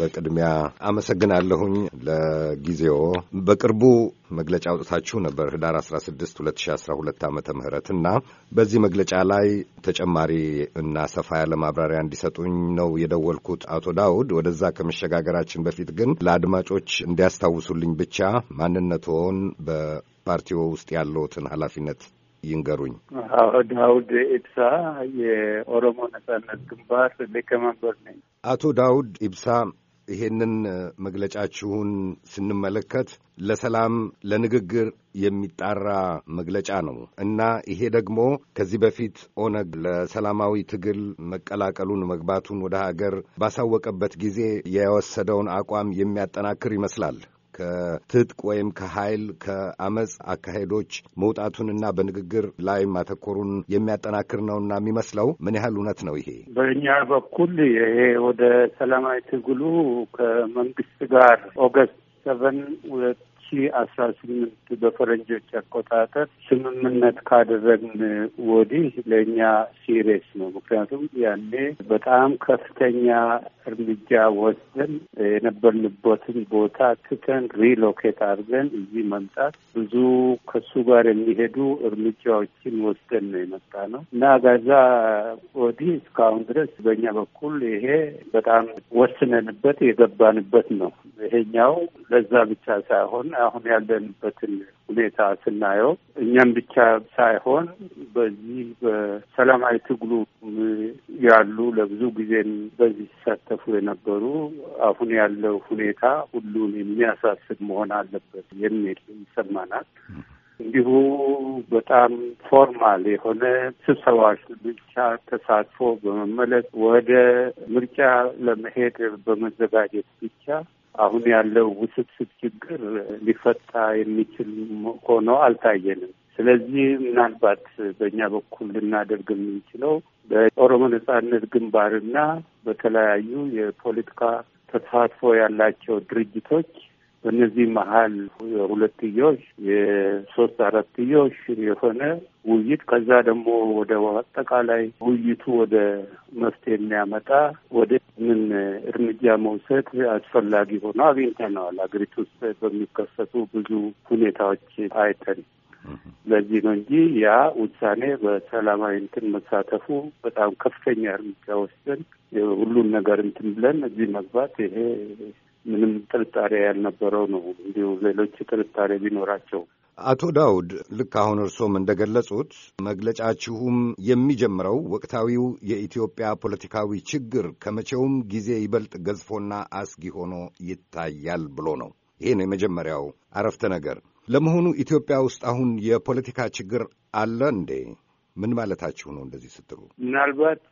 በቅድሚያ አመሰግናለሁኝ ለጊዜዎ። በቅርቡ መግለጫ አውጥታችሁ ነበር ህዳር 16 2012 ዓ ም እና በዚህ መግለጫ ላይ ተጨማሪ እና ሰፋ ያለ ማብራሪያ እንዲሰጡኝ ነው የደወልኩት። አቶ ዳውድ፣ ወደዛ ከመሸጋገራችን በፊት ግን ለአድማጮች እንዲያስታውሱልኝ ብቻ ማንነትዎን በፓርቲዎ ውስጥ ያለውትን ኃላፊነት ይንገሩኝ። አዎ፣ ዳውድ ኢብሳ የኦሮሞ ነጻነት ግንባር ሊቀመንበር ነኝ። አቶ ዳውድ ኢብሳ ይሄንን መግለጫችሁን ስንመለከት ለሰላም ለንግግር የሚጣራ መግለጫ ነው እና ይሄ ደግሞ ከዚህ በፊት ኦነግ ለሰላማዊ ትግል መቀላቀሉን መግባቱን ወደ ሀገር ባሳወቀበት ጊዜ የወሰደውን አቋም የሚያጠናክር ይመስላል። ከትጥቅ ወይም ከኃይል ከአመፅ አካሄዶች መውጣቱንና በንግግር ላይ ማተኮሩን የሚያጠናክር ነውና የሚመስለው ምን ያህል እውነት ነው? ይሄ በእኛ በኩል ይሄ ወደ ሰላማዊ ትግሉ ከመንግስት ጋር ኦገስት ሰቨን ሁለት ሺ አስራ ስምንት በፈረንጆች አቆጣጠር ስምምነት ካደረግን ወዲህ ለእኛ ሲሪየስ ነው። ምክንያቱም ያኔ በጣም ከፍተኛ እርምጃ ወስደን የነበርንበትን ቦታ ትተን ሪሎኬት አድርገን እዚህ መምጣት ብዙ ከሱ ጋር የሚሄዱ እርምጃዎችን ወስደን ነው የመጣ ነው እና ጋዛ ወዲህ እስካሁን ድረስ በእኛ በኩል ይሄ በጣም ወስነንበት የገባንበት ነው። ይሄኛው ለዛ ብቻ ሳይሆን አሁን ያለንበትን ሁኔታ ስናየው እኛም ብቻ ሳይሆን በዚህ በሰላማዊ ትግሉ ያሉ ለብዙ ጊዜም በዚህ ሲሳተፉ የነበሩ አሁን ያለው ሁኔታ ሁሉን የሚያሳስብ መሆን አለበት የሚል ይሰማናል። እንዲሁ በጣም ፎርማል የሆነ ስብሰባዎች ብቻ ተሳትፎ በመመለስ ወደ ምርጫ ለመሄድ በመዘጋጀት ብቻ አሁን ያለው ውስብስብ ችግር ሊፈታ የሚችል ሆኖ አልታየንም። ስለዚህ ምናልባት በእኛ በኩል ልናደርግ የምንችለው በኦሮሞ ነጻነት ግንባርና በተለያዩ የፖለቲካ ተሳትፎ ያላቸው ድርጅቶች በእነዚህ መሀል የሁለትዮሽ የሶስት አራትዮሽ የሆነ ውይይት ከዛ ደግሞ ወደ አጠቃላይ ውይይቱ ወደ መፍትሄ የሚያመጣ ወደ ምን እርምጃ መውሰድ አስፈላጊ ሆኖ አግኝተነዋል። አገሪቱ ውስጥ በሚከሰቱ ብዙ ሁኔታዎች አይተን ለዚህ ነው እንጂ ያ ውሳኔ በሰላማዊ እንትን መሳተፉ በጣም ከፍተኛ እርምጃ ወስደን ሁሉን ነገር እንትን ብለን እዚህ መግባት ይሄ ምንም ጥርጣሬ ያልነበረው ነው። እንዲሁ ሌሎች ጥርጣሬ ቢኖራቸው አቶ ዳውድ ልክ አሁን እርሶም እንደገለጹት መግለጫችሁም የሚጀምረው ወቅታዊው የኢትዮጵያ ፖለቲካዊ ችግር ከመቼውም ጊዜ ይበልጥ ገዝፎና አስጊ ሆኖ ይታያል ብሎ ነው። ይሄ ነው የመጀመሪያው አረፍተ ነገር። ለመሆኑ ኢትዮጵያ ውስጥ አሁን የፖለቲካ ችግር አለ እንዴ? ምን ማለታችሁ ነው እንደዚህ ስትሉ? ምናልባት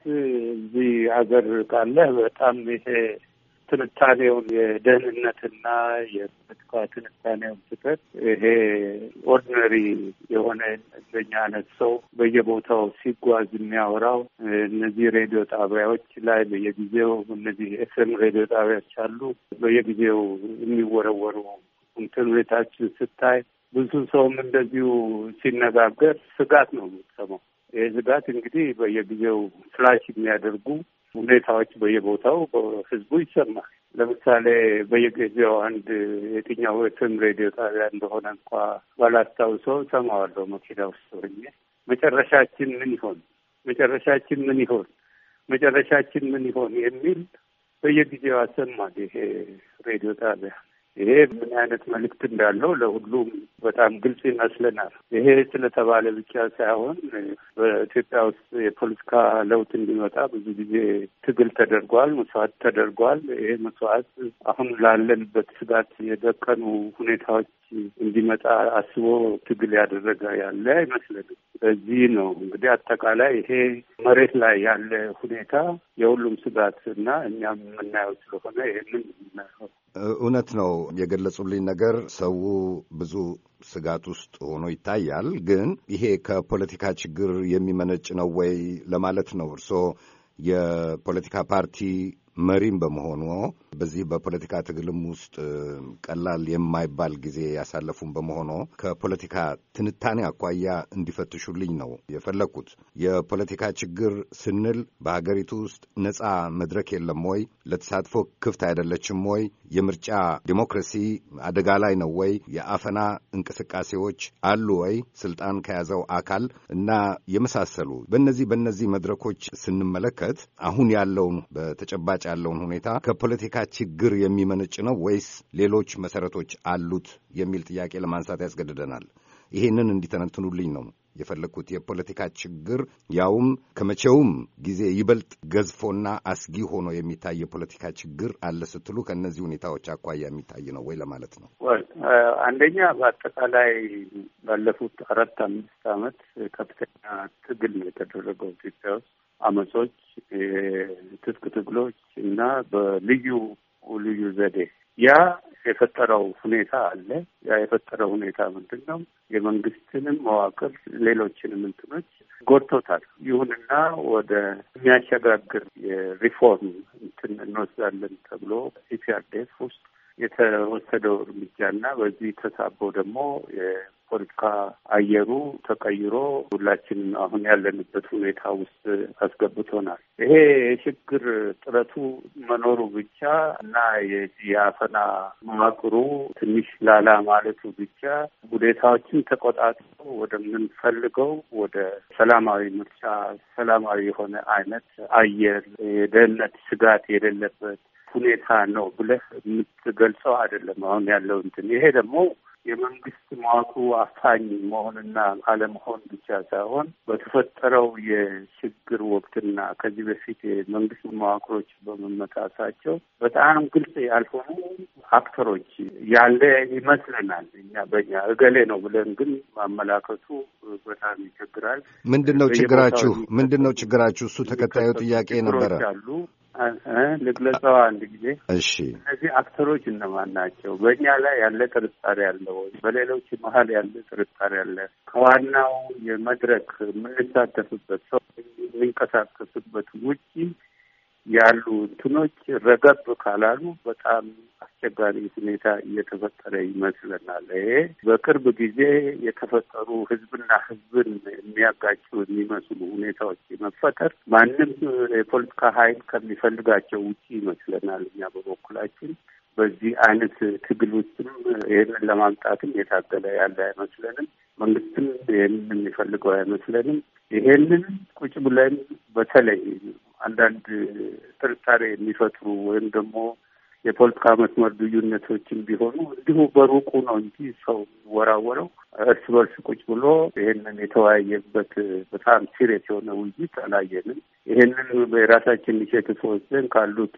እዚህ አገር ካለህ በጣም ይሄ ትንታኔውን የደህንነትና የፖለቲካ ትንታኔውን ስህተት ይሄ ኦርዲነሪ የሆነ እንደኛ አይነት ሰው በየቦታው ሲጓዝ የሚያወራው እነዚህ ሬዲዮ ጣቢያዎች ላይ በየጊዜው እነዚህ ኤፍኤም ሬዲዮ ጣቢያዎች አሉ። በየጊዜው የሚወረወሩ እንትን ስታይ ብዙ ሰውም እንደዚሁ ሲነጋገር ስጋት ነው የምትሰማው። ይህ ስጋት እንግዲህ በየጊዜው ፍላሽ የሚያደርጉ ሁኔታዎች በየቦታው ህዝቡ ይሰማል። ለምሳሌ በየጊዜው አንድ የትኛው ትም ሬዲዮ ጣቢያ እንደሆነ እንኳ ባላስታውሰው ሰማዋለሁ መኪና ውስጥ ሆኜ መጨረሻችን ምን ይሆን መጨረሻችን ምን ይሆን መጨረሻችን ምን ይሆን የሚል በየጊዜው አሰማል ይሄ ሬዲዮ ጣቢያ ይሄ ምን አይነት መልእክት እንዳለው ለሁሉም በጣም ግልጽ ይመስለናል። ይሄ ስለተባለ ብቻ ሳይሆን በኢትዮጵያ ውስጥ የፖለቲካ ለውጥ እንዲመጣ ብዙ ጊዜ ትግል ተደርጓል፣ መስዋዕት ተደርጓል። ይሄ መስዋዕት አሁን ላለንበት ስጋት የደቀኑ ሁኔታዎች እንዲመጣ አስቦ ትግል ያደረገ ያለ አይመስለንም። በዚህ ነው እንግዲህ አጠቃላይ ይሄ መሬት ላይ ያለ ሁኔታ የሁሉም ስጋት እና እኛም የምናየው ስለሆነ ይህንን የምናየው እውነት ነው። የገለጹልኝ ነገር ሰው ብዙ ስጋት ውስጥ ሆኖ ይታያል። ግን ይሄ ከፖለቲካ ችግር የሚመነጭ ነው ወይ ለማለት ነው። እርስዎ የፖለቲካ ፓርቲ መሪም በመሆኑ በዚህ በፖለቲካ ትግልም ውስጥ ቀላል የማይባል ጊዜ ያሳለፉም በመሆኑ ከፖለቲካ ትንታኔ አኳያ እንዲፈትሹልኝ ነው የፈለግኩት። የፖለቲካ ችግር ስንል በሀገሪቱ ውስጥ ነጻ መድረክ የለም ወይ? ለተሳትፎ ክፍት አይደለችም ወይ? የምርጫ ዲሞክራሲ አደጋ ላይ ነው ወይ? የአፈና እንቅስቃሴዎች አሉ ወይ? ስልጣን ከያዘው አካል እና የመሳሰሉ በእነዚህ በእነዚህ መድረኮች ስንመለከት አሁን ያለውን በተጨባጭ ያለውን ሁኔታ ከፖለቲካ ችግር የሚመነጭ ነው ወይስ ሌሎች መሰረቶች አሉት የሚል ጥያቄ ለማንሳት ያስገድደናል። ይሄንን እንዲተነትኑልኝ ነው የፈለግኩት። የፖለቲካ ችግር ያውም ከመቼውም ጊዜ ይበልጥ ገዝፎና አስጊ ሆኖ የሚታይ የፖለቲካ ችግር አለ ስትሉ ከእነዚህ ሁኔታዎች አኳያ የሚታይ ነው ወይ ለማለት ነው። አንደኛ በአጠቃላይ ባለፉት አራት አምስት ዓመት ከፍተኛ ትግል ነው የተደረገው ኢትዮጵያ ውስጥ አመሶች ትጥቅ ትግሎች እና በልዩ ልዩ ዘዴ ያ የፈጠረው ሁኔታ አለ። ያ የፈጠረው ሁኔታ ምንድን ነው? የመንግስትንም መዋቅር ሌሎችንም እንትኖች ጎድቶታል። ይሁንና ወደ የሚያሸጋግር የሪፎርም እንትን እንወስዳለን ተብሎ ኢፒአርዴፍ ውስጥ የተወሰደው እርምጃ ና በዚህ ተሳቦ ደግሞ የፖለቲካ አየሩ ተቀይሮ ሁላችን አሁን ያለንበት ሁኔታ ውስጥ አስገብቶናል። ይሄ የችግር ጥረቱ መኖሩ ብቻ እና የአፈና መዋቅሩ ትንሽ ላላ ማለቱ ብቻ ሁኔታዎችን ተቆጣጥሮ ወደምንፈልገው ወደ ሰላማዊ ምርጫ፣ ሰላማዊ የሆነ አይነት አየር፣ የደህንነት ስጋት የሌለበት ሁኔታ ነው ብለህ የምትገልጸው አይደለም። አሁን ያለው እንትን ይሄ ደግሞ የመንግስት መዋቅሩ አፋኝ መሆንና አለመሆን ብቻ ሳይሆን በተፈጠረው የችግር ወቅትና ከዚህ በፊት የመንግስት መዋቅሮች በመመጣታቸው በጣም ግልጽ ያልሆኑ አክተሮች ያለ ይመስለናል። እኛ በኛ እገሌ ነው ብለን ግን ማመላከቱ በጣም ይቸግራል። ምንድን ነው ችግራችሁ? ምንድን ነው ችግራችሁ? እሱ ተከታዩ ጥያቄ ነበረ። ልግለጸው አንድ ጊዜ። እሺ፣ እነዚህ አክተሮች እነማን ናቸው? በእኛ ላይ ያለ ጥርጣሬ አለ ወይ? በሌሎች መሀል ያለ ጥርጣሬ አለ? ከዋናው የመድረክ የምንሳተፍበት ሰው የሚንቀሳቀስበት ውጪ ያሉ እንትኖች ረገብ ካላሉ በጣም አስቸጋሪ ሁኔታ እየተፈጠረ ይመስለናል። ይሄ በቅርብ ጊዜ የተፈጠሩ ህዝብና ህዝብን የሚያጋጩ የሚመስሉ ሁኔታዎች መፈጠር ማንም የፖለቲካ ኃይል ከሚፈልጋቸው ውጭ ይመስለናል። እኛ በበኩላችን በዚህ አይነት ትግል ውስጥም ይህንን ለማምጣትም የታገለ ያለ አይመስለንም። መንግስትም ይህንን የሚፈልገው አይመስለንም። ይሄንን ቁጭ ብለን በተለይ አንዳንድ ጥርጣሬ የሚፈጥሩ ወይም ደግሞ የፖለቲካ መስመር ልዩነቶችን ቢሆኑ እንዲሁ በሩቁ ነው እንጂ ሰው ወራወረው እርስ በርስ ቁጭ ብሎ ይሄንን የተወያየበት በጣም ሲሬት የሆነ ውይይት አላየንም። ይሄንን የራሳችን ኢኒሼቲቭ ወስደን ካሉት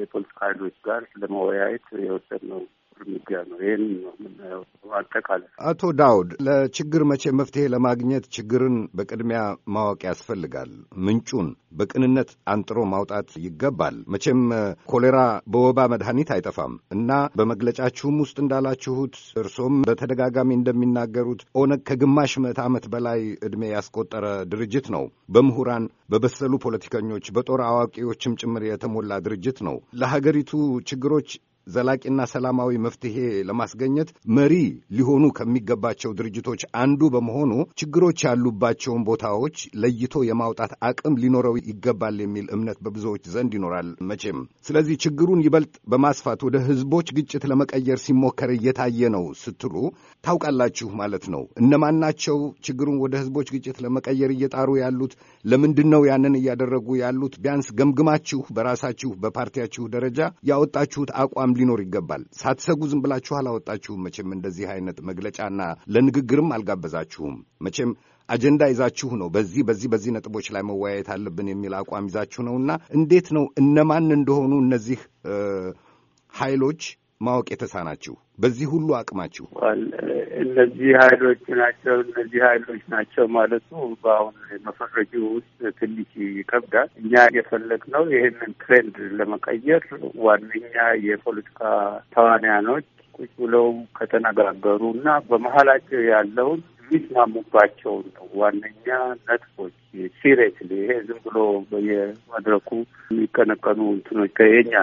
የፖለቲካ ኃይሎች ጋር ለመወያየት የወሰድነው እርምጃ ነው። ይህን የምናየው አጠቃላይ። አቶ ዳውድ፣ ለችግር መቼ መፍትሄ ለማግኘት ችግርን በቅድሚያ ማወቅ ያስፈልጋል። ምንጩን በቅንነት አንጥሮ ማውጣት ይገባል። መቼም ኮሌራ በወባ መድኃኒት አይጠፋም እና በመግለጫችሁም ውስጥ እንዳላችሁት እርሶም በተደጋጋሚ እንደሚናገሩት ኦነግ ከግማሽ ምዕተ ዓመት በላይ ዕድሜ ያስቆጠረ ድርጅት ነው። በምሁራን በበሰሉ ፖለቲከኞች፣ በጦር አዋቂዎችም ጭምር የተሞላ ድርጅት ነው። ለሀገሪቱ ችግሮች ዘላቂና ሰላማዊ መፍትሄ ለማስገኘት መሪ ሊሆኑ ከሚገባቸው ድርጅቶች አንዱ በመሆኑ ችግሮች ያሉባቸውን ቦታዎች ለይቶ የማውጣት አቅም ሊኖረው ይገባል የሚል እምነት በብዙዎች ዘንድ ይኖራል መቼም። ስለዚህ ችግሩን ይበልጥ በማስፋት ወደ ህዝቦች ግጭት ለመቀየር ሲሞከር እየታየ ነው ስትሉ ታውቃላችሁ ማለት ነው። እነማን ናቸው ችግሩን ወደ ህዝቦች ግጭት ለመቀየር እየጣሩ ያሉት? ለምንድን ነው ያንን እያደረጉ ያሉት? ቢያንስ ገምግማችሁ በራሳችሁ በፓርቲያችሁ ደረጃ ያወጣችሁት አቋም ሊኖር ይገባል። ሳትሰጉ ዝም ብላችሁ አላወጣችሁም። መቼም እንደዚህ አይነት መግለጫና ለንግግርም አልጋበዛችሁም። መቼም አጀንዳ ይዛችሁ ነው በዚህ በዚህ በዚህ ነጥቦች ላይ መወያየት አለብን የሚል አቋም ይዛችሁ ነውና እንዴት ነው እነማን እንደሆኑ እነዚህ ኃይሎች ማወቅ የተሳናችሁ? በዚህ ሁሉ አቅማችሁ እነዚህ ሀይሎች ናቸው እነዚህ ሀይሎች ናቸው ማለቱ በአሁን መፈረጁ ውስጥ ትንሽ ይከብዳል። እኛ የፈለግነው ይህንን ትሬንድ ለመቀየር ዋነኛ የፖለቲካ ተዋንያኖች ቁጭ ብለው ከተነጋገሩ እና በመሀላቸው ያለውን የሚስማሙባቸውን ነው ዋነኛ ነጥቦች ሲሪየስሊ ይሄ ዝም ብሎ በየመድረኩ የሚቀነቀኑ እንትኖች ከየኛ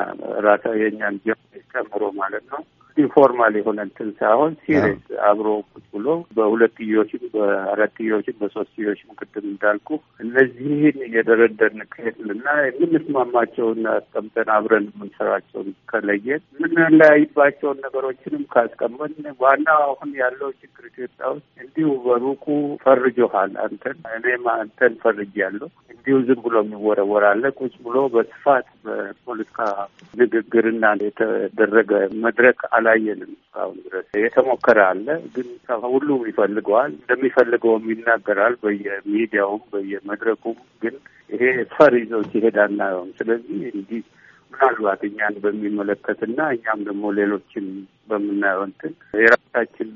ራሳ የኛን ጀምሮ ማለት ነው ኢንፎርማል የሆነ እንትን ሳይሆን ሲሪየስ አብሮ ቁጭ ብሎ በሁለትዮሽም በአራትዮሽም በሶስትዮሽም ቅድም እንዳልኩ እነዚህን እየደረደርን ከሄድንና የምንስማማቸውን አስቀምጠን አብረን የምንሰራቸውን ከለየን የምንለያይባቸውን ነገሮችንም ካስቀመን ዋና አሁን ያለው ችግር ኢትዮጵያ ውስጥ እንዲሁ በሩቁ ፈርጆሃል አንተን እኔም አንተን ፈርጅ ያለው እንዲሁ ዝም ብሎ የሚወረወራለ ቁጭ ብሎ በስፋት በፖለቲካ ንግግርና የተደረገ መድረክ አላየንም እስካሁን ድረስ። የተሞከረ አለ ግን ሁሉም ይፈልገዋል እንደሚፈልገውም ይናገራል በየሚዲያውም በየመድረኩም። ግን ይሄ ፈር ይዞ ሲሄድ አናየውም። ስለዚህ እንዲህ ምናልባት እኛን በሚመለከትና እኛም ደግሞ ሌሎችን በምናየው እንትን የራሳችን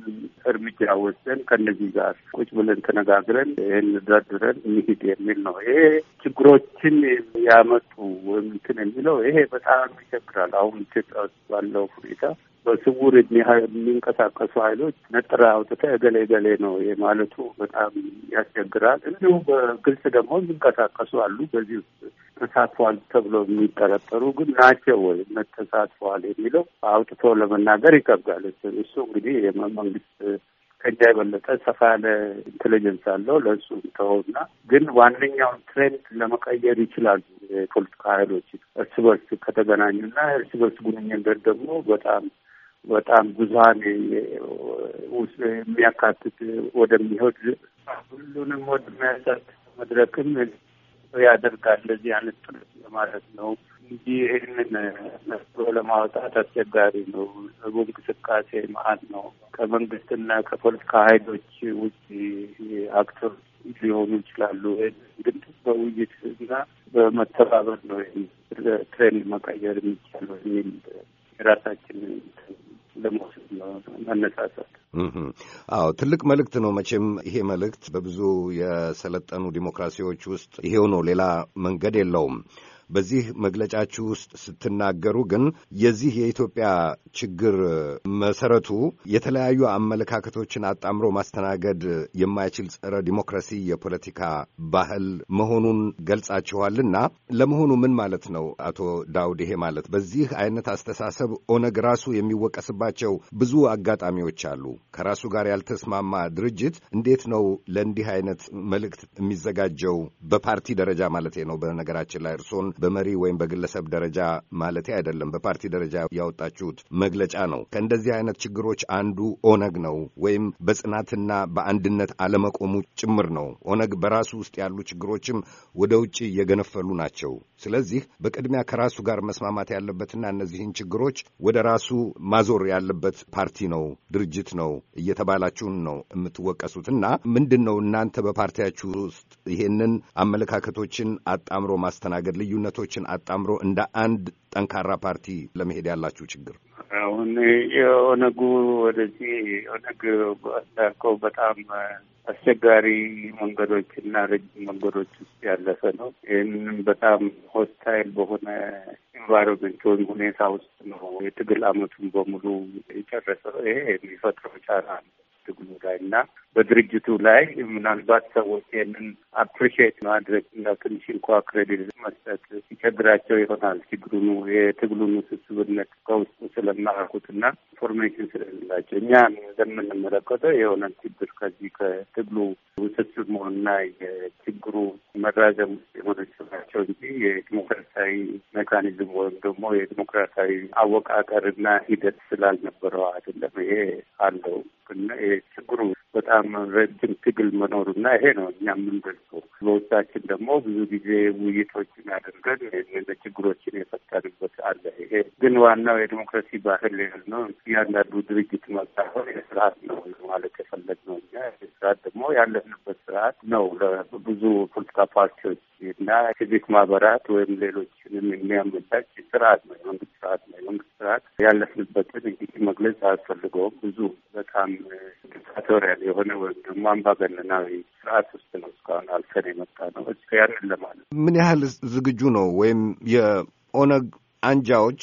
እርምጃ ወስደን ከነዚህ ጋር ቁጭ ብለን ተነጋግረን ይህን ደርድረን እንሂድ የሚል ነው። ይሄ ችግሮችን ያመጡ ወይም እንትን የሚለው ይሄ በጣም ይቸግራል። አሁን ኢትዮጵያ ውስጥ ባለው ሁኔታ በስውር የሚንቀሳቀሱ ኃይሎች ነጥራ አውጥተ እገሌ ገሌ ነው የማለቱ በጣም ያስቸግራል። እንዲሁ በግልጽ ደግሞ የሚንቀሳቀሱ አሉ። በዚህ ውስጥ ተሳትፏል ተብሎ የሚጠረጠሩ ግን ናቸው ወይ ተሳትፏል የሚለው አውጥቶ ለመናገር ይከብዳል። እሱ እንግዲህ መንግስት ከእኛ የበለጠ ሰፋ ያለ ኢንቴሊጀንስ አለው። ለእሱ ተውና ግን ዋነኛውን ትሬንድ ለመቀየር ይችላሉ። የፖለቲካ ኃይሎች እርስ በርስ ከተገናኙና እርስ በርስ ግንኙነት ደግሞ በጣም በጣም ብዙሀን የሚያካትት ወደሚሆድ ሁሉንም ወደሚያሳት መድረክም ያደርጋል። እንደዚህ አይነት ጥረት ለማለት ነው እንጂ ይህንን ነፍሮ ለማውጣት አስቸጋሪ ነው። ህቡ እንቅስቃሴ መሀል ነው። ከመንግስትና ከፖለቲካ ሀይሎች ውጭ አክተር ሊሆኑ ይችላሉ። ግን በውይይት እና በመተባበር ነው ትሬንድ መቀየር የሚቻለው የሚል የራሳችን ለመውሰድ አዎ ትልቅ መልእክት ነው። መቼም ይሄ መልእክት በብዙ የሰለጠኑ ዲሞክራሲዎች ውስጥ ይሄው ነው፣ ሌላ መንገድ የለውም። በዚህ መግለጫችሁ ውስጥ ስትናገሩ ግን የዚህ የኢትዮጵያ ችግር መሰረቱ የተለያዩ አመለካከቶችን አጣምሮ ማስተናገድ የማይችል ጸረ ዲሞክራሲ የፖለቲካ ባህል መሆኑን ገልጻችኋልና ለመሆኑ ምን ማለት ነው አቶ ዳውድ? ይሄ ማለት በዚህ አይነት አስተሳሰብ ኦነግ ራሱ የሚወቀስባቸው ብዙ አጋጣሚዎች አሉ። ከራሱ ጋር ያልተስማማ ድርጅት እንዴት ነው ለእንዲህ አይነት መልእክት የሚዘጋጀው? በፓርቲ ደረጃ ማለት ነው። በነገራችን ላይ እርሶን በመሪ ወይም በግለሰብ ደረጃ ማለቴ አይደለም፣ በፓርቲ ደረጃ ያወጣችሁት መግለጫ ነው። ከእንደዚህ አይነት ችግሮች አንዱ ኦነግ ነው ወይም በጽናትና በአንድነት አለመቆሙ ጭምር ነው። ኦነግ በራሱ ውስጥ ያሉ ችግሮችም ወደ ውጭ እየገነፈሉ ናቸው። ስለዚህ በቅድሚያ ከራሱ ጋር መስማማት ያለበትና እነዚህን ችግሮች ወደ ራሱ ማዞር ያለበት ፓርቲ ነው፣ ድርጅት ነው እየተባላችሁን ነው የምትወቀሱት እና ምንድን ነው እናንተ በፓርቲያችሁ ውስጥ ይህንን አመለካከቶችን አጣምሮ ማስተናገድ፣ ልዩነቶችን አጣምሮ እንደ አንድ ጠንካራ ፓርቲ ለመሄድ ያላችሁ ችግር አሁን የኦነጉ ወደዚህ ኦነግ እንዳልከው በጣም አስቸጋሪ መንገዶች እና ረጅም መንገዶች ውስጥ ያለፈ ነው። ይህንንም በጣም ሆስታይል በሆነ ኢንቫይሮንመንት ወይም ሁኔታ ውስጥ ነው የትግል አመቱን በሙሉ የጨረሰው። ይሄ የሚፈጥረው ጫና ነው። ትግሉ ጉዳይ እና በድርጅቱ ላይ ምናልባት ሰዎች ይህንን አፕሪሺየት ማድረግ እና ትንሽ እንኳ ክሬዲት መስጠት ሲቸግራቸው ይሆናል ችግሩኑ የትግሉን ውስብስብነት ከውስጡ ስለማያውቁት እና ኢንፎርሜሽን ስለሌላቸው እኛ እንደምንመለከተው የሆነ ችግር ከዚህ ከትግሉ ውስብስብ መሆንና የችግሩ መራዘም ውስጥ የሆነች ናቸው እንጂ የዲሞክራሲያዊ ሜካኒዝም ወይም ደግሞ የዲሞክራሲያዊ አወቃቀርና ሂደት ስላልነበረው አይደለም። ይሄ አለው እና ይሄ ችግሩ በጣም ረጅም ትግል መኖሩ መኖሩና ይሄ ነው እኛ የምንገልጸው። በውስጣችን ደግሞ ብዙ ጊዜ ውይይቶችን አድርገን ችግሮችን የፈታንበት አለ። ይሄ ግን ዋናው የዲሞክራሲ ባህል ያህል ነው። እያንዳንዱ ድርጅት መጣሆን የስርዓት ነው ማለት የፈለግ ነው እኛ ስርዓት ደግሞ ያለንበት ስርዓት ነው። ለብዙ ፖለቲካ ፓርቲዎች እና ሲቪክ ማህበራት ወይም ሌሎችንም የሚያመቻች ስርዓት ነው። የመንግስት ስርዓት ነው። የመንግስት ስርዓት ያለፍንበትን እንግዲህ መግለጽ አያስፈልገውም ብዙ በጣም ዲክታቶሪያል የሆነ ወይም ደግሞ አምባገነናዊ ስርዓት ውስጥ ነው እስካሁን አልፈን የመጣ ነው። ያንን ለማለት ምን ያህል ዝግጁ ነው ወይም የኦነግ አንጃዎች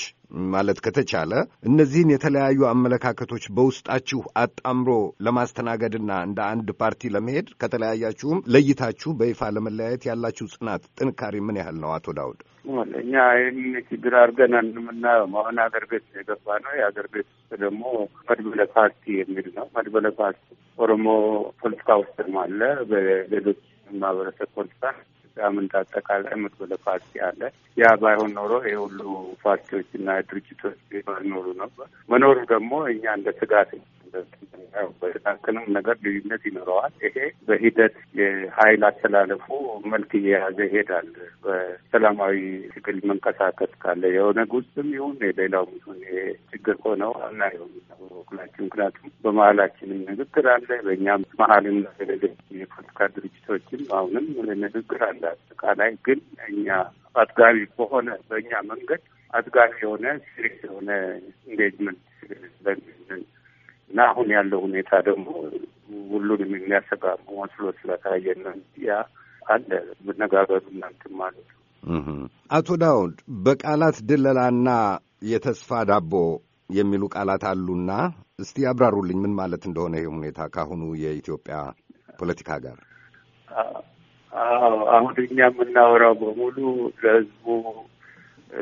ማለት ከተቻለ እነዚህን የተለያዩ አመለካከቶች በውስጣችሁ አጣምሮ ለማስተናገድና እንደ አንድ ፓርቲ ለመሄድ ከተለያያችሁም ለይታችሁ በይፋ ለመለያየት ያላችሁ ጽናት፣ ጥንካሬ ምን ያህል ነው? አቶ ዳውድ። እኛ ይህን ችግር አድርገን እንደምናየው መሆን አገር ቤት የገባ ነው። የአገር ቤት ውስጥ ደግሞ መድበለ ፓርቲ የሚል ነው። መድበለ ፓርቲ ኦሮሞ ፖለቲካ ውስጥም አለ በሌሎች ማህበረሰብ ፖለቲካ ሳምንት አጠቃላይ መድበለ ፓርቲ አለ። ያ ባይሆን ኖሮ ይህ ሁሉ ፓርቲዎች ፓርቲዎችና ድርጅቶች ባልኖሩ ነበር። መኖሩ ደግሞ እኛ እንደ ስጋት በትናንትንም ነገር ልዩነት ይኖረዋል። ይሄ በሂደት የሀይል አተላለፉ መልክ እየያዘ ይሄዳል። በሰላማዊ ትግል መንቀሳቀስ ካለ የኦነግ ውስጥም ይሁን የሌላው ይሁን ችግር ሆነው አናየውም በበኩላችን። ምክንያቱም በመሀላችንም ንግግር አለ፣ በእኛም መሀልም ሌሎች የፖለቲካ ድርጅቶችም አሁንም ንግግር አለ። አጠቃላይ ግን እኛ አጥጋቢ በሆነ በእኛ መንገድ አጥጋቢ የሆነ ስሪት የሆነ ኢንጌጅመንት እና አሁን ያለው ሁኔታ ደግሞ ሁሉንም የሚያሰጋ መስሎ ስለታየን ያ አለ መነጋገሩ እናንትን ማለት አቶ ዳውድ በቃላት ድለላና የተስፋ ዳቦ የሚሉ ቃላት አሉና እስቲ ያብራሩልኝ ምን ማለት እንደሆነ ይህ ሁኔታ ከአሁኑ የኢትዮጵያ ፖለቲካ ጋር። አሁን እኛ የምናወራው በሙሉ ለህዝቡ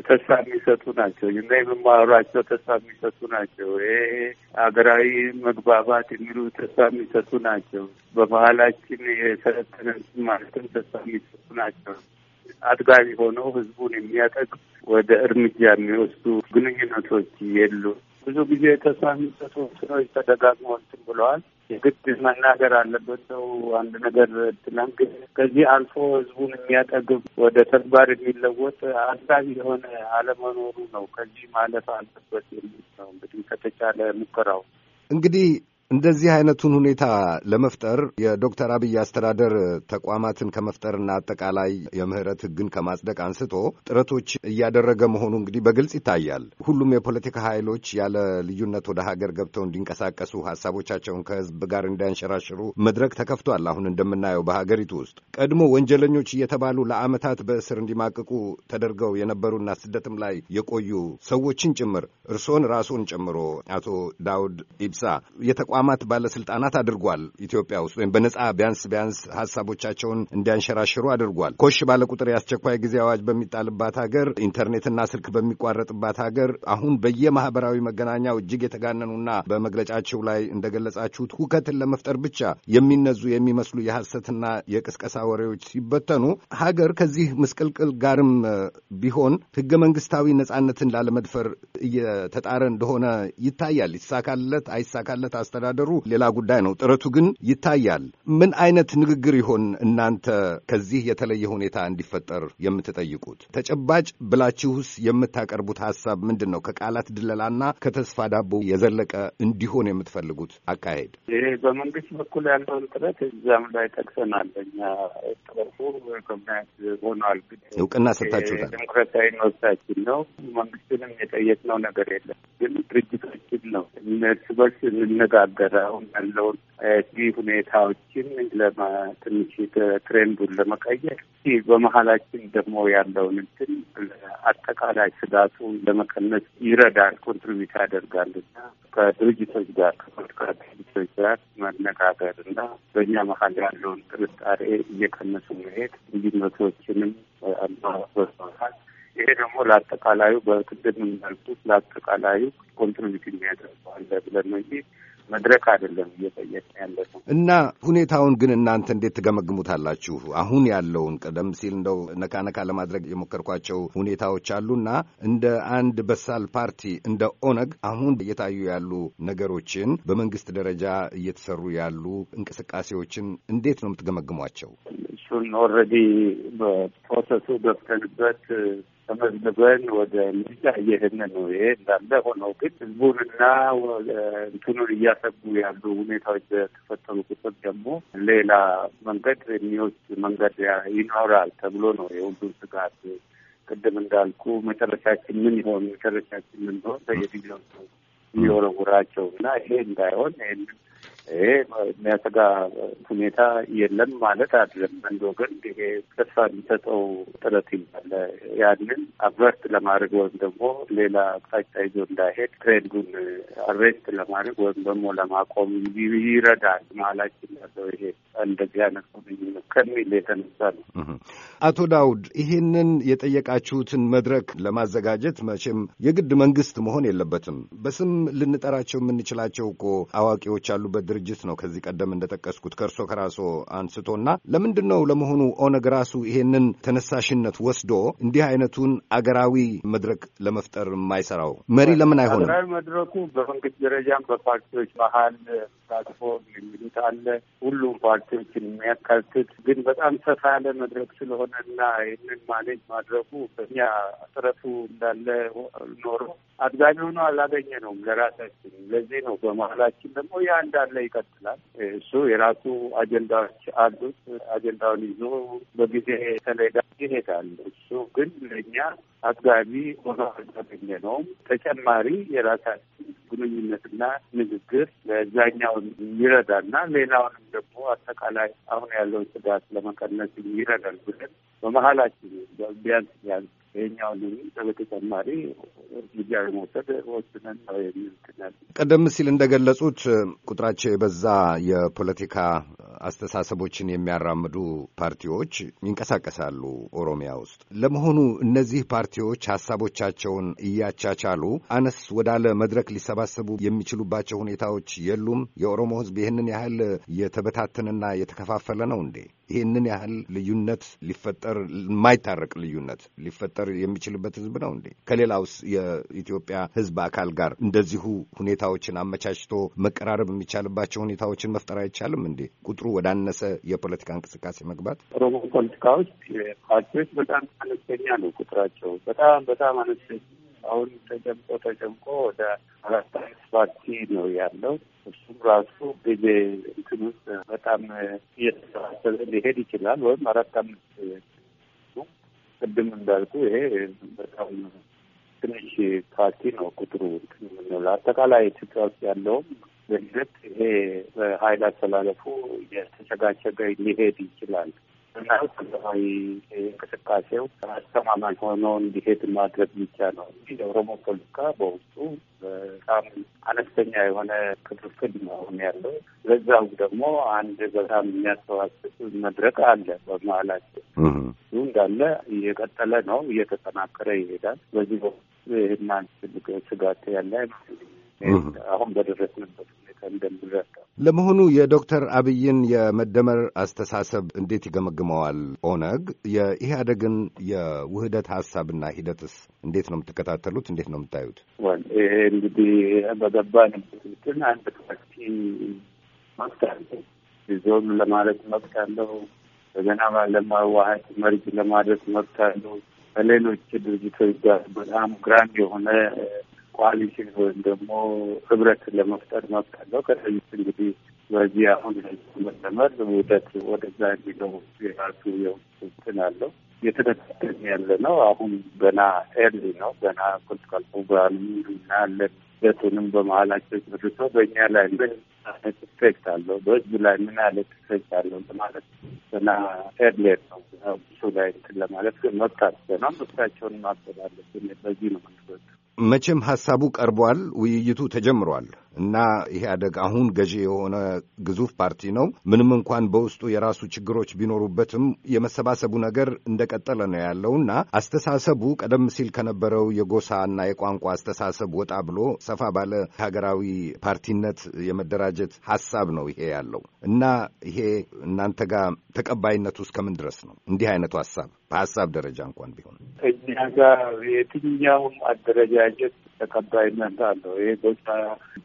ተስፋ የሚሰጡ ናቸው። እና የምማሯቸው ተስፋ የሚሰጡ ናቸው። ይሄ ሀገራዊ መግባባት የሚሉ ተስፋ የሚሰጡ ናቸው። በባህላችን የሰለጠነ ማለትም ተስፋ የሚሰጡ ናቸው። አጥጋቢ ሆነው ህዝቡን የሚያጠቅ ወደ እርምጃ የሚወስዱ ግንኙነቶች የሉ ብዙ ጊዜ ተስፋ የሚሰጡ ስራዎች ተደጋግመው እንትን ብለዋል። የግድ መናገር አለበት ሰው አንድ ነገር ትላም ግን ከዚህ አልፎ ህዝቡን የሚያጠግብ ወደ ተግባር የሚለወጥ አሳቢ የሆነ አለመኖሩ ነው። ከዚህ ማለፍ አለበት የሚል ነው እንግዲህ ከተቻለ ሙከራው እንግዲህ እንደዚህ አይነቱን ሁኔታ ለመፍጠር የዶክተር አብይ አስተዳደር ተቋማትን ከመፍጠርና አጠቃላይ የምህረት ህግን ከማጽደቅ አንስቶ ጥረቶች እያደረገ መሆኑ እንግዲህ በግልጽ ይታያል። ሁሉም የፖለቲካ ኃይሎች ያለ ልዩነት ወደ ሀገር ገብተው እንዲንቀሳቀሱ፣ ሀሳቦቻቸውን ከህዝብ ጋር እንዲያንሸራሽሩ መድረክ ተከፍቷል። አሁን እንደምናየው በሀገሪቱ ውስጥ ቀድሞ ወንጀለኞች እየተባሉ ለአመታት በእስር እንዲማቅቁ ተደርገው የነበሩና ስደትም ላይ የቆዩ ሰዎችን ጭምር እርሶን ራሱን ጨምሮ አቶ ዳውድ ኢብሳ ተቋማት ባለስልጣናት አድርጓል። ኢትዮጵያ ውስጥ ወይም በነጻ ቢያንስ ቢያንስ ሀሳቦቻቸውን እንዲያንሸራሽሩ አድርጓል። ኮሽ ባለቁጥር የአስቸኳይ ጊዜ አዋጅ በሚጣልባት ሀገር፣ ኢንተርኔትና ስልክ በሚቋረጥባት ሀገር አሁን በየማህበራዊ መገናኛው እጅግ የተጋነኑና በመግለጫቸው ላይ እንደገለጻችሁት ሁከትን ለመፍጠር ብቻ የሚነዙ የሚመስሉ የሐሰትና የቅስቀሳ ወሬዎች ሲበተኑ ሀገር ከዚህ ምስቅልቅል ጋርም ቢሆን ህገ መንግስታዊ ነጻነትን ላለመድፈር እየተጣረ እንደሆነ ይታያል። ይሳካለት አይሳካለት አስተ መወዳደሩ ሌላ ጉዳይ ነው። ጥረቱ ግን ይታያል። ምን አይነት ንግግር ይሆን እናንተ ከዚህ የተለየ ሁኔታ እንዲፈጠር የምትጠይቁት? ተጨባጭ ብላችሁስ የምታቀርቡት ሀሳብ ምንድን ነው? ከቃላት ድለላና ከተስፋ ዳቦ የዘለቀ እንዲሆን የምትፈልጉት አካሄድ? ይህ በመንግስት በኩል ያለውን ጥረት እዛም ላይ ጠቅሰናል። እኛ ጥረቱ ሆኗል፣ እውቅና ሰጥታችሁታል። ዲሞክራሲያዊ መብታችን ነው። መንግስትንም የጠየቅነው ነገር የለም፣ ግን ድርጅቶችን ነው እርስ በርስ እንነጋገር ነገር አሁን ያለውን ዚህ ሁኔታዎችን ትንሽ ትሬንዱን ለመቀየር በመሀላችን ደግሞ ያለውን እንትን አጠቃላይ ስጋቱ ለመቀነስ ይረዳል፣ ኮንትሪቢዩት ያደርጋል እና ከድርጅቶች ጋር ከፖለቲካ ድርጅቶች ጋር መነጋገር እና በእኛ መሀል ያለውን ጥርጣሬ እየቀነሱ መሄድ ልዩነቶችንም አባበማል። ይሄ ደግሞ ለአጠቃላዩ በቅድም እንዳልኩት ለአጠቃላዩ ኮንትሪቢዩት የሚያደርገዋለ ብለን ነው እንጂ መድረክ አይደለም እየጠየቅ ያለ ነው እና ሁኔታውን ግን እናንተ እንዴት ትገመግሙታላችሁ? አሁን ያለውን ቀደም ሲል እንደው ነካ ነካ ለማድረግ የሞከርኳቸው ሁኔታዎች አሉና እንደ አንድ በሳል ፓርቲ እንደ ኦነግ አሁን እየታዩ ያሉ ነገሮችን በመንግስት ደረጃ እየተሰሩ ያሉ እንቅስቃሴዎችን እንዴት ነው የምትገመግሟቸው? እሱን ኦልሬዲ በፕሮሰሱ ገብተንበት ተመዝግበን ወደ ምርጫ እየሄድን ነው። ይሄ እንዳለ ሆነው ግን ህዝቡንና እንትኑን እያሰጉ ያሉ ሁኔታዎች በተፈጠሩ ቁጥር ደግሞ ሌላ መንገድ የሚወስድ መንገድ ይኖራል ተብሎ ነው የሁሉም ስጋት። ቅድም እንዳልኩ መጨረሻችን ምን ይሆን መጨረሻችን ምን ይሆን በየጊዜው የሚወረውራቸው እና ይሄ እንዳይሆን ይህንን ይሄ የሚያሰጋ ሁኔታ የለም ማለት አይደለም። አንድ ግን ይሄ ተስፋ የሚሰጠው ጥረት ይላለ ያንን አቨርት ለማድረግ ወይም ደግሞ ሌላ አቅጣጫ ይዞ እንዳይሄድ ትሬንዱን አሬስት ለማድረግ ወይም ደግሞ ለማቆም ይረዳል ማላችን ያለው ይሄ እንደዚህ አይነት ግንኙነት ከሚል የተነሳ ነው። አቶ ዳውድ ይህንን የጠየቃችሁትን መድረክ ለማዘጋጀት መቼም የግድ መንግስት መሆን የለበትም። በስም ልንጠራቸው የምንችላቸው እኮ አዋቂዎች አሉበት ድርጅት ነው ከዚህ ቀደም እንደጠቀስኩት ከእርሶ ከራሶ አንስቶና ለምንድን ነው ለመሆኑ ኦነግ ራሱ ይሄንን ተነሳሽነት ወስዶ እንዲህ አይነቱን አገራዊ መድረክ ለመፍጠር የማይሰራው መሪ ለምን አይሆንም? መድረኩ በመንግስት ደረጃም በፓርቲዎች መሀል ተሳትፎ የሚሉት አለ። ሁሉም ፓርቲዎችን የሚያካትት ግን በጣም ሰፋ ያለ መድረክ ስለሆነና ይህንን ማኔጅ ማድረጉ በኛ ጥረቱ እንዳለ ኖሮ አድጋሚ ሆኖ አላገኘ ነውም ለራሳችን። ለዚህ ነው በመሀላችን ደግሞ ያ እንዳለ ይቀጥላል። እሱ የራሱ አጀንዳዎች አሉት። አጀንዳውን ይዞ በጊዜ ሰሌዳ ይሄዳል። እሱ ግን ለእኛ አጥጋቢ ሆኖ ነው። ተጨማሪ የራሳችን ግንኙነትና ንግግር ለዛኛውን ይረዳና ሌላውንም ደግሞ አጠቃላይ አሁን ያለውን ስጋት ለመቀነስ ይረዳል ብለን በመሀላችን ቢያንስ ቢያንስ ይህኛው ልጅ በተጨማሪ እርምጃ የመውሰድ ወስነን ነው ቀደም ሲል እንደገለጹት ቁጥራቸው የበዛ የፖለቲካ አስተሳሰቦችን የሚያራምዱ ፓርቲዎች ይንቀሳቀሳሉ ኦሮሚያ ውስጥ። ለመሆኑ እነዚህ ፓርቲዎች ሀሳቦቻቸውን እያቻቻሉ አነስ ወዳለ መድረክ ሊሰባሰቡ የሚችሉባቸው ሁኔታዎች የሉም? የኦሮሞ ሕዝብ ይህንን ያህል የተበታተነና የተከፋፈለ ነው እንዴ? ይህንን ያህል ልዩነት ሊፈጠር የማይታረቅ ልዩነት ሊፈጠር የሚችልበት ህዝብ ነው እንዴ? ከሌላውስ የኢትዮጵያ ህዝብ አካል ጋር እንደዚሁ ሁኔታዎችን አመቻችቶ መቀራረብ የሚቻልባቸው ሁኔታዎችን መፍጠር አይቻልም እንዴ? ቁጥሩ ወዳነሰ የፖለቲካ እንቅስቃሴ መግባት ኦሮሞ ፖለቲካዎች ፓርቲዎች በጣም አነስተኛ ነው ቁጥራቸው በጣም በጣም አነስተኛ አሁን ተጨምቆ ተጨምቆ ወደ አራት ፓርቲ ነው ያለው። እሱም ራሱ ጊዜ እንትን ውስጥ በጣም እየተሰባሰበ ሊሄድ ይችላል። ወይም አራት አምስት ቅድም እንዳልኩ ይሄ በጣም ትንሽ ፓርቲ ነው ቁጥሩ እንትን አጠቃላይ ኢትዮጵያ ውስጥ ያለውም በሂደት ይሄ በሀይል አስተላለፉ እየተሸጋሸገ ሊሄድ ይችላል። እና ህዝባዊ እንቅስቃሴው አስተማማኝ ሆኖ እንዲሄድ ማድረግ ብቻ ነው እንጂ የኦሮሞ ፖለቲካ በውስጡ በጣም አነስተኛ የሆነ ክፍፍል መሆን ያለው ለዛው ደግሞ አንድ በጣም የሚያስተዋስብ መድረክ አለ በመሀላቸው። እሱ እንዳለ እየቀጠለ ነው፣ እየተጠናከረ ይሄዳል። በዚህ በኩል ይህና ስጋት ያለ አይመስለኝም። አሁን በደረስንበት ሁኔታ እንደምንረዳ። ለመሆኑ የዶክተር አብይን የመደመር አስተሳሰብ እንዴት ይገመግመዋል ኦነግ? የኢህአደግን የውህደት ሀሳብና ሂደትስ እንዴት ነው የምትከታተሉት? እንዴት ነው የምታዩት? ይሄ እንግዲህ በገባንበትን አንድ ፓርቲ መብት አለው ዞን ለማለት መብት አለው በገና ለማዋሀድ መርጅ ለማድረግ መብት አለው ከሌሎች ድርጅቶች ጋር በጣም ግራንድ የሆነ ኮአሊሽን ወይም ደግሞ ህብረት ለመፍጠር መብት አለው። ከዚህ እንግዲህ በዚህ አሁን መጠመር ውህደት ወደዛ የሚለው የራሱ የውስትን አለው የተከታተል ያለ ነው። አሁን ገና ኤርሊ ነው። ገና ፖለቲካል ፕሮግራም እና ያለን ሁለቱንም በመሀላቸው ጨርሶ በእኛ ላይ ምን አይነት ኢፌክት አለው፣ በህዝብ ላይ ምን አይነት ኢፌክት አለው ለማለት ገና ኤርሌት ነው። ብዙ ላይ እንትን ለማለት ግን መብት አስበናል። መብታቸውን ማሰብ አለብን። በዚህ ነው ምንወጥ መቼም ሀሳቡ ቀርቧል፣ ውይይቱ ተጀምሯል እና ኢህአደግ አሁን ገዢ የሆነ ግዙፍ ፓርቲ ነው። ምንም እንኳን በውስጡ የራሱ ችግሮች ቢኖሩበትም የመሰባሰቡ ነገር እንደቀጠለ ነው ያለው እና አስተሳሰቡ ቀደም ሲል ከነበረው የጎሳ እና የቋንቋ አስተሳሰብ ወጣ ብሎ ሰፋ ባለ ሀገራዊ ፓርቲነት የመደራጀት ሀሳብ ነው ይሄ ያለው እና ይሄ እናንተ ጋር ተቀባይነቱ እስከምን ድረስ ነው? እንዲህ አይነቱ ሀሳብ በሀሳብ ደረጃ እንኳን ቢሆን እኛ ጋር የትኛውም አደረጃ just. ተቀባይነት አለው። ይሄ ጎጫ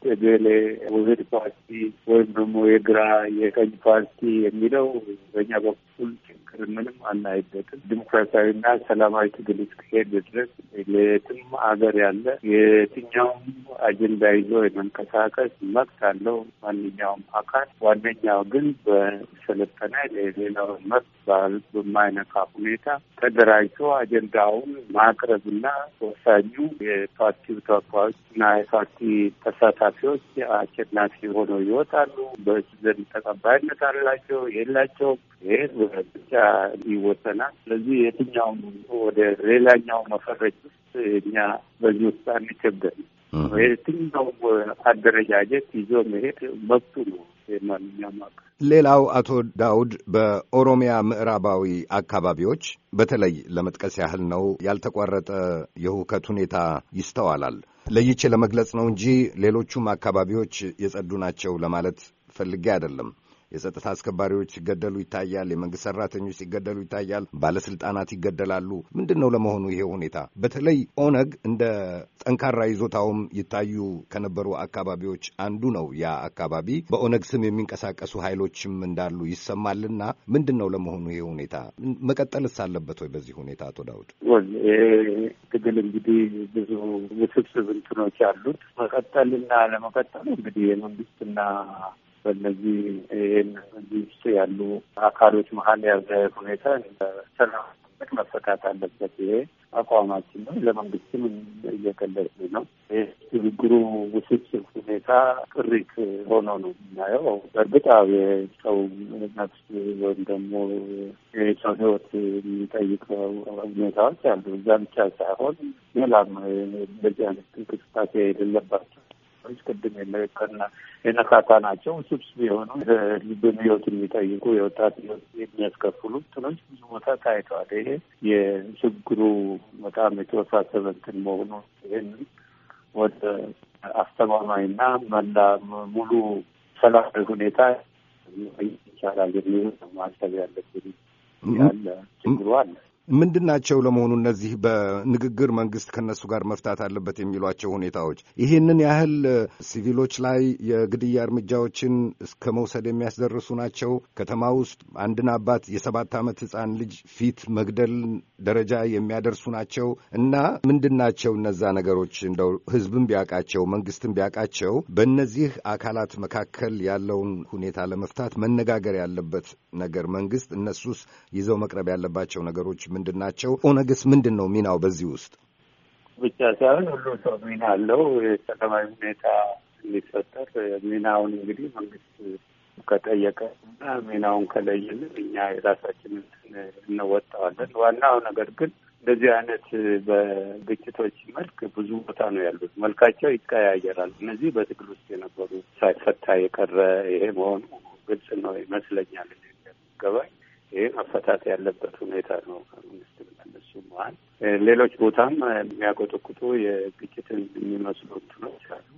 ቴቤሌ ውህድ ፓርቲ ወይም ደግሞ የግራ የቀኝ ፓርቲ የሚለው በእኛ በኩል ችግር ምንም አናይበትም። ዲሞክራሲያዊና ሰላማዊ ትግል እስከሄድ ድረስ ለየትም አገር ያለ የትኛውም አጀንዳ ይዞ የመንቀሳቀስ መብት አለው ማንኛውም አካል። ዋነኛው ግን በሰለጠነ የሌላውን መብት በማይነካ ሁኔታ ተደራጅቶ አጀንዳውን ማቅረብና ወሳኙ የፓርቲው የህዝብ እና የፓርቲ ተሳታፊዎች አሸናፊ ሆነው ይወጣሉ። በህዝብ ዘንድ ተቀባይነት አላቸው የላቸውም፣ ይህ ብቻ ይወሰናል። ስለዚህ የትኛውም ወደ ሌላኛው መፈረጅ ውስጥ እኛ በዚህ ውስጥ አንቸገርም። የትኛውም አደረጃጀት ይዞ መሄድ መብቱ ነው። የማንኛውም ሌላው አቶ ዳውድ በኦሮሚያ ምዕራባዊ አካባቢዎች በተለይ ለመጥቀስ ያህል ነው ያልተቋረጠ የሁከት ሁኔታ ይስተዋላል። ለይቼ ለመግለጽ ነው እንጂ ሌሎቹም አካባቢዎች የጸዱ ናቸው ለማለት ፈልጌ አይደለም። የጸጥታ አስከባሪዎች ሲገደሉ ይታያል። የመንግስት ሰራተኞች ሲገደሉ ይታያል። ባለስልጣናት ይገደላሉ። ምንድን ነው ለመሆኑ ይሄ ሁኔታ? በተለይ ኦነግ እንደ ጠንካራ ይዞታውም ይታዩ ከነበሩ አካባቢዎች አንዱ ነው። ያ አካባቢ በኦነግ ስም የሚንቀሳቀሱ ኃይሎችም እንዳሉ ይሰማልና ምንድን ነው ለመሆኑ ይሄ ሁኔታ መቀጠልስ አለበት ወይ? በዚህ ሁኔታ አቶ ዳውድ ትግል እንግዲህ ብዙ ውስብስብ እንትኖች አሉት። መቀጠልና ለመቀጠል እንግዲህ የመንግስትና በእነዚህ ውስጥ ያሉ አካሎች መሀል ያዘ ሁኔታ ሰራቅ መፈታት አለበት። ይሄ አቋማችን ነው። ለመንግስትም እየገለጽ ነው። ንግግሩ ውስብስብ ሁኔታ ቅሪት ሆኖ ነው የምናየው። በእርግጥ የሰው ነፍስ ወይም ደግሞ የሰው ህይወት የሚጠይቀው ሁኔታዎች አሉ። እዛ ብቻ ሳይሆን ሌላም በዚህ አይነት እንቅስቃሴ የሌለባቸው ቅድም የለቀና የነካካ ናቸው። ውስብስብ የሆኑ ህዝብን ህይወት የሚጠይቁ የወጣት ህይወት የሚያስከፍሉ ትኖች ብዙ ቦታ ታይተዋል። ይሄ የችግሩ በጣም የተወሳሰበ እንትን መሆኑ ይህን ወደ አስተማማኝና መላ ሙሉ ሰላማዊ ሁኔታ ይቻላል የሚሆን ማሰብ ያለብን ያለ ችግሩ አለ። ምንድን ናቸው ለመሆኑ እነዚህ በንግግር መንግስት ከነሱ ጋር መፍታት አለበት የሚሏቸው ሁኔታዎች? ይህንን ያህል ሲቪሎች ላይ የግድያ እርምጃዎችን እስከ መውሰድ የሚያስደርሱ ናቸው። ከተማ ውስጥ አንድን አባት የሰባት ዓመት ህፃን ልጅ ፊት መግደል ደረጃ የሚያደርሱ ናቸው እና ምንድን ናቸው እነዛ ነገሮች? እንደው ህዝብም ቢያውቃቸው መንግስትም ቢያውቃቸው በእነዚህ አካላት መካከል ያለውን ሁኔታ ለመፍታት መነጋገር ያለበት ነገር መንግስት እነሱስ ይዘው መቅረብ ያለባቸው ነገሮች ምንድን ናቸው? ኦነግስ ምንድን ነው ሚናው በዚህ ውስጥ? ብቻ ሳይሆን ሁሉ ሰው ሚና አለው። የሰላማዊ ሁኔታ እንዲፈጠር ሚናውን እንግዲህ መንግስት ከጠየቀ እና ሚናውን ከለየልን እኛ የራሳችንን እንወጣዋለን። ዋናው ነገር ግን እንደዚህ አይነት በግጭቶች መልክ ብዙ ቦታ ነው ያሉት፣ መልካቸው ይቀያየራል። እነዚህ በትግል ውስጥ የነበሩ ሳይፈታ የቀረ ይሄ መሆኑ ግልጽ ነው ይመስለኛል ገባኝ ይህ መፈታት ያለበት ሁኔታ ነው። ከመንግስት መለሱ መሀል ሌሎች ቦታም የሚያቆጠቁጡ የግጭትን የሚመስሉ እንትኖች አሉ።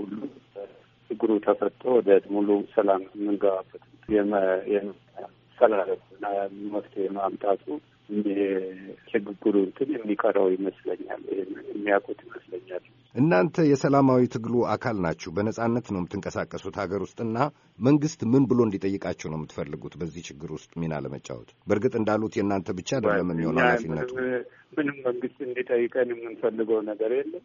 ሁሉ ችግሩ ተፈቶ ወደ ሙሉ ሰላም የምንገባበት ሰላለፍና መፍትሄ ማምጣቱ ችግሩ እንትን የሚቀረው ይመስለኛል። የሚያውቁት ይመስለኛል። እናንተ የሰላማዊ ትግሉ አካል ናችሁ። በነጻነት ነው የምትንቀሳቀሱት ሀገር ውስጥና መንግስት ምን ብሎ እንዲጠይቃችሁ ነው የምትፈልጉት? በዚህ ችግር ውስጥ ሚና ለመጫወት በእርግጥ እንዳሉት የእናንተ ብቻ አይደለም የሚሆነው ኃላፊነቱ። ምንም መንግስት እንዲጠይቀን የምንፈልገው ነገር የለም።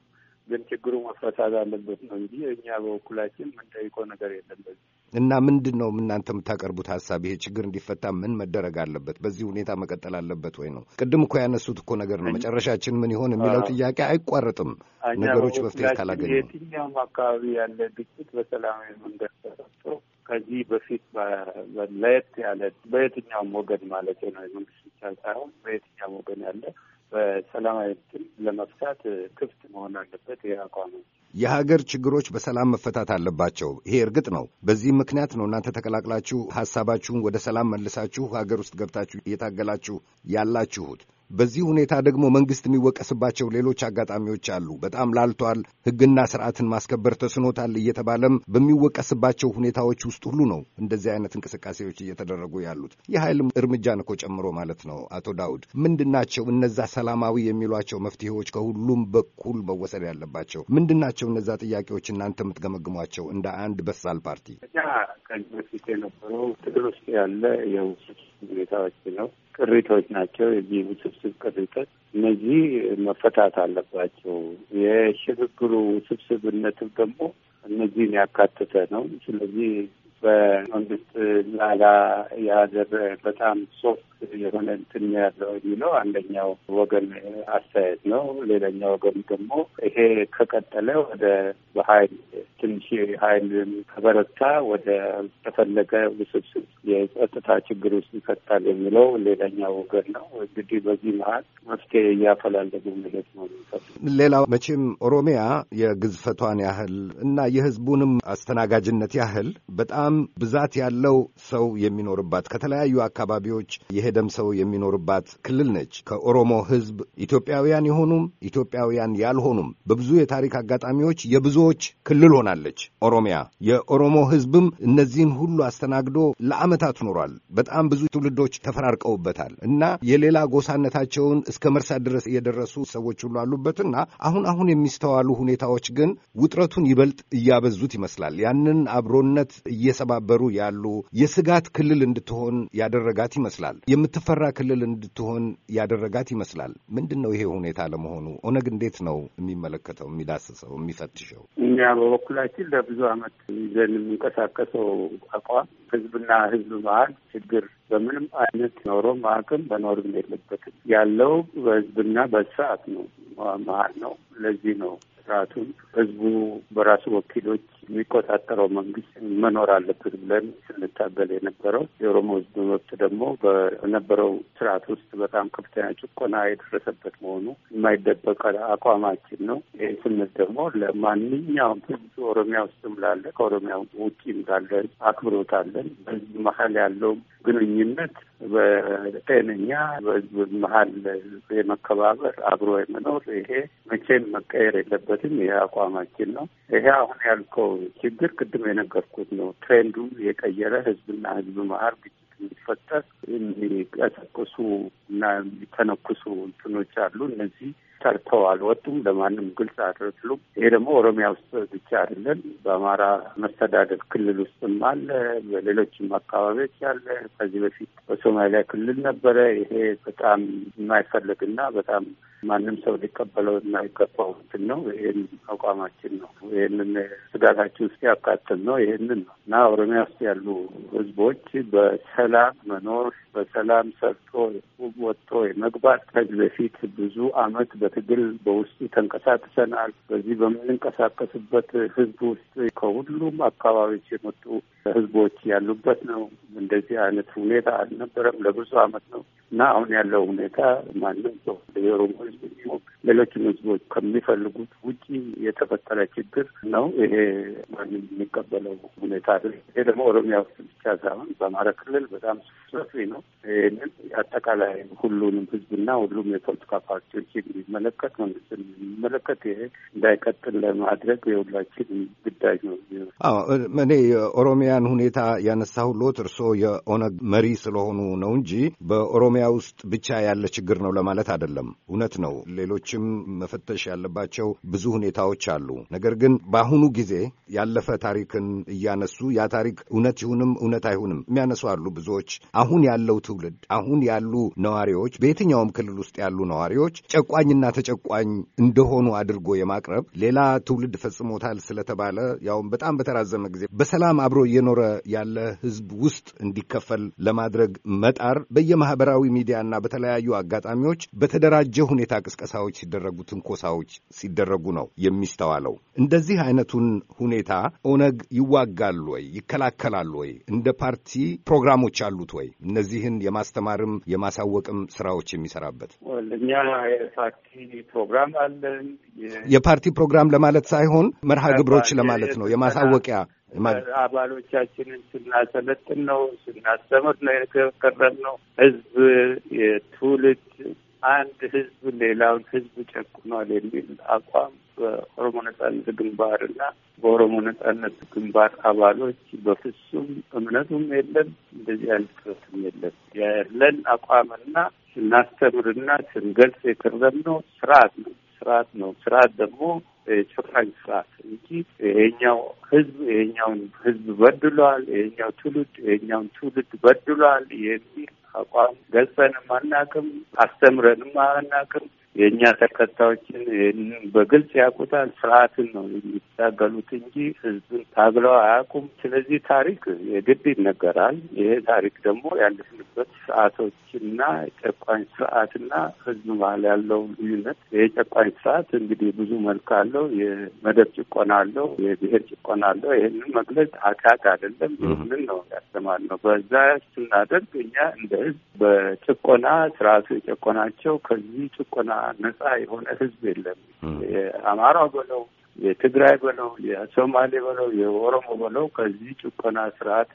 ግን ችግሩ መፈታት አለበት ነው እንጂ እኛ በበኩላችን ምንጠይቀው ነገር የለም። በዚህ እና ምንድን ነው እናንተ የምታቀርቡት ሀሳብ? ይሄ ችግር እንዲፈታ ምን መደረግ አለበት? በዚህ ሁኔታ መቀጠል አለበት ወይ ነው? ቅድም እኮ ያነሱት እኮ ነገር ነው። መጨረሻችን ምን ይሆን የሚለው ጥያቄ አይቋረጥም፣ ነገሮች መፍትሄ ካላገኘ። የትኛውም አካባቢ ያለ ግጭት በሰላማዊ መንገድ ተሰጥቶ ከዚህ በፊት ለየት ያለ በየትኛውም ወገን ማለት ነው የመንግስት ብቻ ሳይሆን በየትኛውም ወገን ያለ በሰላማዊ ለመፍታት ክፍት መሆን አለበት። ይህ አቋም የሀገር ችግሮች በሰላም መፈታት አለባቸው። ይሄ እርግጥ ነው። በዚህ ምክንያት ነው እናንተ ተቀላቅላችሁ ሀሳባችሁን ወደ ሰላም መልሳችሁ ሀገር ውስጥ ገብታችሁ እየታገላችሁ ያላችሁት። በዚህ ሁኔታ ደግሞ መንግስት የሚወቀስባቸው ሌሎች አጋጣሚዎች አሉ። በጣም ላልቷል፣ ህግና ስርዓትን ማስከበር ተስኖታል እየተባለም በሚወቀስባቸው ሁኔታዎች ውስጥ ሁሉ ነው እንደዚህ አይነት እንቅስቃሴዎች እየተደረጉ ያሉት። የኃይልም እርምጃን እኮ ጨምሮ ማለት ነው። አቶ ዳውድ ምንድናቸው እነዛ ሰላማዊ የሚሏቸው መፍትሄዎች ከሁሉም በኩል መወሰድ ያለባቸው ምንድናቸው? እነዛ ጥያቄዎች እናንተ የምትገመግሟቸው እንደ አንድ በሳል ፓርቲ ከዚህ በፊት የነበረው ትግል ውስጥ ያለ ሁኔታዎች ነው፣ ቅሪቶች ናቸው። የዚህ ውስብስብ ቅሪቶች እነዚህ መፈታት አለባቸው። የሽግግሩ ውስብስብነትም ደግሞ እነዚህን ያካተተ ነው። ስለዚህ በመንግስት ላላ የሀገር በጣም ሶፍት የሆነ እንትን ያለው የሚለው አንደኛው ወገን አስተያየት ነው። ሌላኛው ወገን ደግሞ ይሄ ከቀጠለ ወደ በሀይል ትንሽ ሀይል ከበረታ ወደ ተፈለገ ውስብስብ የጸጥታ ችግር ውስጥ ይከታል የሚለው ሌላኛው ወገን ነው። እንግዲህ በዚህ መሀል መፍትሄ እያፈላለጉ መሄድ ነው። ሌላ መቼም ኦሮሚያ የግዝፈቷን ያህል እና የህዝቡንም አስተናጋጅነት ያህል በጣም ብዛት ያለው ሰው የሚኖርባት ከተለያዩ አካባቢዎች ይሄ የሄደም ደምሰው የሚኖርባት ክልል ነች። ከኦሮሞ ሕዝብ ኢትዮጵያውያን የሆኑም ኢትዮጵያውያን ያልሆኑም በብዙ የታሪክ አጋጣሚዎች የብዙዎች ክልል ሆናለች ኦሮሚያ። የኦሮሞ ሕዝብም እነዚህን ሁሉ አስተናግዶ ለዓመታት ኖሯል። በጣም ብዙ ትውልዶች ተፈራርቀውበታል እና የሌላ ጎሳነታቸውን እስከ መርሳት ድረስ የደረሱ ሰዎች ሁሉ አሉበትና አሁን አሁን የሚስተዋሉ ሁኔታዎች ግን ውጥረቱን ይበልጥ እያበዙት ይመስላል። ያንን አብሮነት እየሰባበሩ ያሉ የስጋት ክልል እንድትሆን ያደረጋት ይመስላል። የምትፈራ ክልል እንድትሆን ያደረጋት ይመስላል። ምንድን ነው ይሄ ሁኔታ ለመሆኑ? ኦነግ እንዴት ነው የሚመለከተው፣ የሚዳስሰው፣ የሚፈትሸው? እኛ በበኩላችን ለብዙ ዓመት ይዘን የምንቀሳቀሰው አቋም ህዝብና ህዝብ መሀል ችግር በምንም አይነት ኖሮም አቅም በኖርም የለበትም ያለው በህዝብና በስርዓት ነው መሀል ነው። ለዚህ ነው ስርዓቱን ህዝቡ በራሱ ወኪሎች የሚቆጣጠረው መንግስት መኖር አለበት ብለን ስንታበል የነበረው የኦሮሞ ህዝብ መብት ደግሞ በነበረው ስርዓት ውስጥ በጣም ከፍተኛ ጭቆና የደረሰበት መሆኑ የማይደበቀ አቋማችን ነው። ይህ ስንል ደግሞ ለማንኛውም ህዝብ ኦሮሚያ ውስጥም ላለ ከኦሮሚያ ውጭም ላለ አክብሮት አለን። በህዝብ መሀል ያለውም ግንኙነት በጤነኛ በህዝብ መሀል የመከባበር አብሮ የመኖር ይሄ መቼም መቀየር የለበትም። ይሄ አቋማችን ነው። ይሄ አሁን ያልከው ችግር ቅድም የነገርኩት ነው። ትሬንዱ የቀየረ ህዝብና ህዝብ መሀል ግጭት እንዲፈጠር የሚቀሰቅሱ እና የሚተነኩሱ እንትኖች አሉ። እነዚህ ሰርተዋል ወጡም ለማንም ግልጽ አደረግሉም። ይሄ ደግሞ ኦሮሚያ ውስጥ ብቻ አይደለም፣ በአማራ መስተዳደር ክልል ውስጥም አለ፣ በሌሎችም አካባቢዎች ያለ። ከዚህ በፊት በሶማሊያ ክልል ነበረ። ይሄ በጣም የማይፈልግና በጣም ማንም ሰው ሊቀበለው የማይገባው እንትን ነው። ይህን አቋማችን ነው። ይህንን ስጋታችን ውስጥ ያካትል ነው። ይህንን ነው እና ኦሮሚያ ውስጥ ያሉ ህዝቦች በሰላም መኖር፣ በሰላም ሰርቶ ወጥቶ የመግባት ከዚህ በፊት ብዙ አመት በትግል በውስጡ ተንቀሳቅሰናል። በዚህ በምንንቀሳቀስበት ህዝብ ውስጥ ከሁሉም አካባቢዎች የመጡ ህዝቦች ያሉበት ነው። እንደዚህ አይነት ሁኔታ አልነበረም ለብዙ ዓመት ነው እና አሁን ያለው ሁኔታ ማንም ሰው የኦሮሞ ህዝብ ሌሎችም ህዝቦች ከሚፈልጉት ውጪ የተፈጠረ ችግር ነው። ይሄ ማንም የሚቀበለው ሁኔታ አይደለም። ይሄ ደግሞ ኦሮሚያ ውስጥ ብቻ ሳይሆን በአማራ ክልል በጣም ሰፊ ነው። ይህንን አጠቃላይ ሁሉንም ህዝብና ሁሉም የፖለቲካ ፓርቲዎች የሚመ የሚመለከት መንግስትን የሚመለከት ይሄ እንዳይቀጥል ለማድረግ የሁላችን ግዳጅ ነው። አዎ እኔ የኦሮሚያን ሁኔታ ያነሳሁልዎት እርስዎ የኦነግ መሪ ስለሆኑ ነው እንጂ በኦሮሚያ ውስጥ ብቻ ያለ ችግር ነው ለማለት አይደለም። እውነት ነው፣ ሌሎችም መፈተሽ ያለባቸው ብዙ ሁኔታዎች አሉ። ነገር ግን በአሁኑ ጊዜ ያለፈ ታሪክን እያነሱ ያ ታሪክ እውነት ይሁንም እውነት አይሁንም የሚያነሱ አሉ ብዙዎች። አሁን ያለው ትውልድ አሁን ያሉ ነዋሪዎች፣ በየትኛውም ክልል ውስጥ ያሉ ነዋሪዎች ጨቋኝና ተጨቋኝ እንደሆኑ አድርጎ የማቅረብ ሌላ ትውልድ ፈጽሞታል ስለተባለ ያውም በጣም በተራዘመ ጊዜ በሰላም አብሮ እየኖረ ያለ ሕዝብ ውስጥ እንዲከፈል ለማድረግ መጣር በየማህበራዊ ሚዲያና በተለያዩ አጋጣሚዎች በተደራጀ ሁኔታ ቅስቀሳዎች ሲደረጉ፣ ትንኮሳዎች ሲደረጉ ነው የሚስተዋለው። እንደዚህ አይነቱን ሁኔታ ኦነግ ይዋጋል ወይ ይከላከላል ወይ? እንደ ፓርቲ ፕሮግራሞች አሉት ወይ? እነዚህን የማስተማርም የማሳወቅም ስራዎች የሚሰራበት እኛ የፓርቲ የፓርቲ ፕሮግራም አለን። የፓርቲ ፕሮግራም ለማለት ሳይሆን መርሃ ግብሮች ለማለት ነው። የማሳወቂያ አባሎቻችንን ስናሰለጥን ነው፣ ስናስተምር ነው የከረም ነው። ህዝብ የትውልድ አንድ ህዝብ ሌላውን ህዝብ ጨቁኗል የሚል አቋም በኦሮሞ ነጻነት ግንባርና በኦሮሞ ነጻነት ግንባር አባሎች በፍጹም እምነቱም የለም፣ እንደዚህ አይነት ጥረትም የለም። ያለን አቋምና ስናስተምርና ስንገልጽ የከረምነው ስርዓት ነው። ስርዓት ነው። ስርዓት ደግሞ ጨካኝ ስርዓት እንጂ ይሄኛው ህዝብ ይሄኛውን ህዝብ በድሏል፣ ይሄኛው ትውልድ ይሄኛውን ትውልድ በድሏል የሚል አቋም ገልጸንም አናቅም፣ አስተምረንም አናቅም። የእኛ ተከታዮችን ይህንን በግልጽ ያውቁታል። ስርዓትን ነው የሚታገሉት እንጂ ህዝብን ታግለው አያውቁም። ስለዚህ ታሪክ የግድ ይነገራል። ይሄ ታሪክ ደግሞ ያለፍንበት ስርዓቶችና ጨቋኝ ስርዓትና ህዝብ መሀል ያለው ልዩነት ይሄ ጨቋኝ ስርዓት እንግዲህ ብዙ መልክ አለው። የመደብ ጭቆና አለው፣ የብሔር ጭቆና አለው። ይህንን መግለጽ አካት አይደለም። ይህንን ነው ያስተማር ነው። በዛ ስናደርግ እኛ እንደ ህዝብ በጭቆና ስርዓቱ የጨቆናቸው ከዚህ ጭቆና ነጻ የሆነ ህዝብ የለም። የአማራ በለው፣ የትግራይ በለው፣ የሶማሌ በለው፣ የኦሮሞ በለው ከዚህ ጭቆና ስርዓት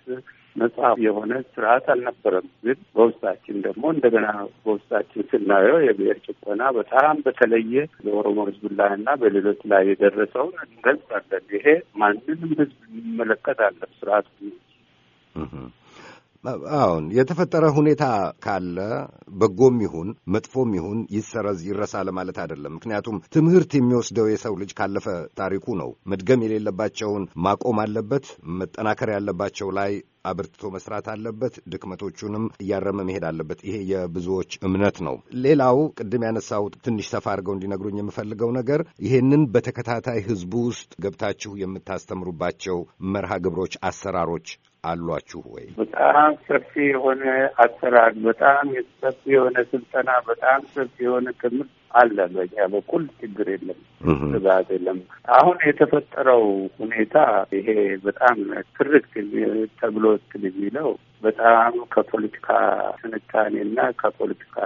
ነጻ የሆነ ስርዓት አልነበረም። ግን በውስጣችን ደግሞ እንደገና በውስጣችን ስናየው የብሔር ጭቆና በጣም በተለየ በኦሮሞ ህዝብ ላይ እና በሌሎች ላይ የደረሰውን እንገልጻለን። ይሄ ማንንም ህዝብ የሚመለከት አለም ስርዓት አሁን የተፈጠረ ሁኔታ ካለ በጎም ይሁን መጥፎም ይሁን ይሰረዝ ይረሳ ለማለት አይደለም። ምክንያቱም ትምህርት የሚወስደው የሰው ልጅ ካለፈ ታሪኩ ነው። መድገም የሌለባቸውን ማቆም አለበት። መጠናከር ያለባቸው ላይ አብርትቶ መስራት አለበት፣ ድክመቶቹንም እያረመ መሄድ አለበት። ይሄ የብዙዎች እምነት ነው። ሌላው ቅድም ያነሳሁት ትንሽ ሰፋ አድርገው እንዲነግሩኝ የምፈልገው ነገር ይሄንን በተከታታይ ህዝቡ ውስጥ ገብታችሁ የምታስተምሩባቸው መርሃ ግብሮች፣ አሰራሮች አሏችሁ ወይ? በጣም ሰፊ የሆነ አሰራር፣ በጣም ሰፊ የሆነ ስልጠና፣ በጣም ሰፊ የሆነ ትምህርት አለ። በእኛ በኩል ችግር የለም፣ ስጋት የለም። አሁን የተፈጠረው ሁኔታ ይሄ በጣም ትርክ ተብሎ ትል የሚለው በጣም ከፖለቲካ ትንታኔና ከፖለቲካ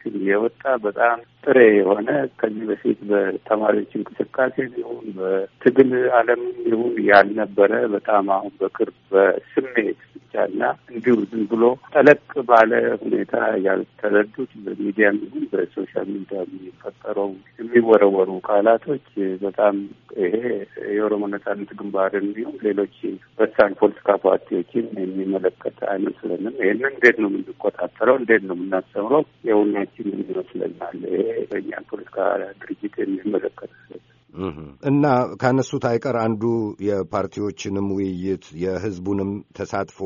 ትል የወጣ በጣም ጥሬ የሆነ ከዚህ በፊት በተማሪዎች እንቅስቃሴ ይሁን በትግል ዓለም ይሁን ያልነበረ በጣም አሁን በቅርብ በስሜት ብቻና እንዲሁ ዝም ብሎ ጠለቅ ባለ ሁኔታ ያልተረዱት በሚዲያም ይሁን በሶሻል ሚዲያ የሚፈጠረው የሚወረወሩ ቃላቶች በጣም ይሄ የኦሮሞ ነጻነት ግንባርን እንዲሁም ሌሎች በሳን ፖለቲካ ፓርቲዎችን የሚመለከት አይመስለንም። ይህንን እንዴት ነው የምንቆጣጠረው? እንዴት ነው የምናሰምረው? የሁናችን ይመስለናል። ይሄ በእኛ ፖለቲካ ድርጅት የሚመለከት እና ካነሱት አይቀር አንዱ የፓርቲዎችንም ውይይት የህዝቡንም ተሳትፎ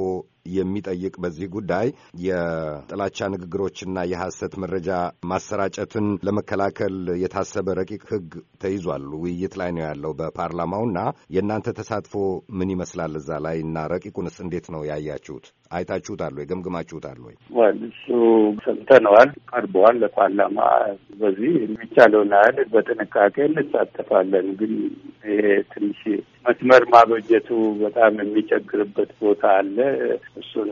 የሚጠይቅ በዚህ ጉዳይ የጥላቻ ንግግሮችና የሐሰት መረጃ ማሰራጨትን ለመከላከል የታሰበ ረቂቅ ሕግ ተይዟል። ውይይት ላይ ነው ያለው በፓርላማውና የእናንተ ተሳትፎ ምን ይመስላል እዛ ላይ እና ረቂቁንስ እንዴት ነው ያያችሁት? አይታችሁታል ወይ? ገምግማችሁታል ወይ? እሱ ሰምተነዋል፣ ቀርበዋል ለፓርላማ። በዚህ የሚቻለውን ያህል በጥንቃቄ እንሳተፋለን። ግን ይሄ ትንሽ መስመር ማበጀቱ በጣም የሚቸግርበት ቦታ አለ። እሱን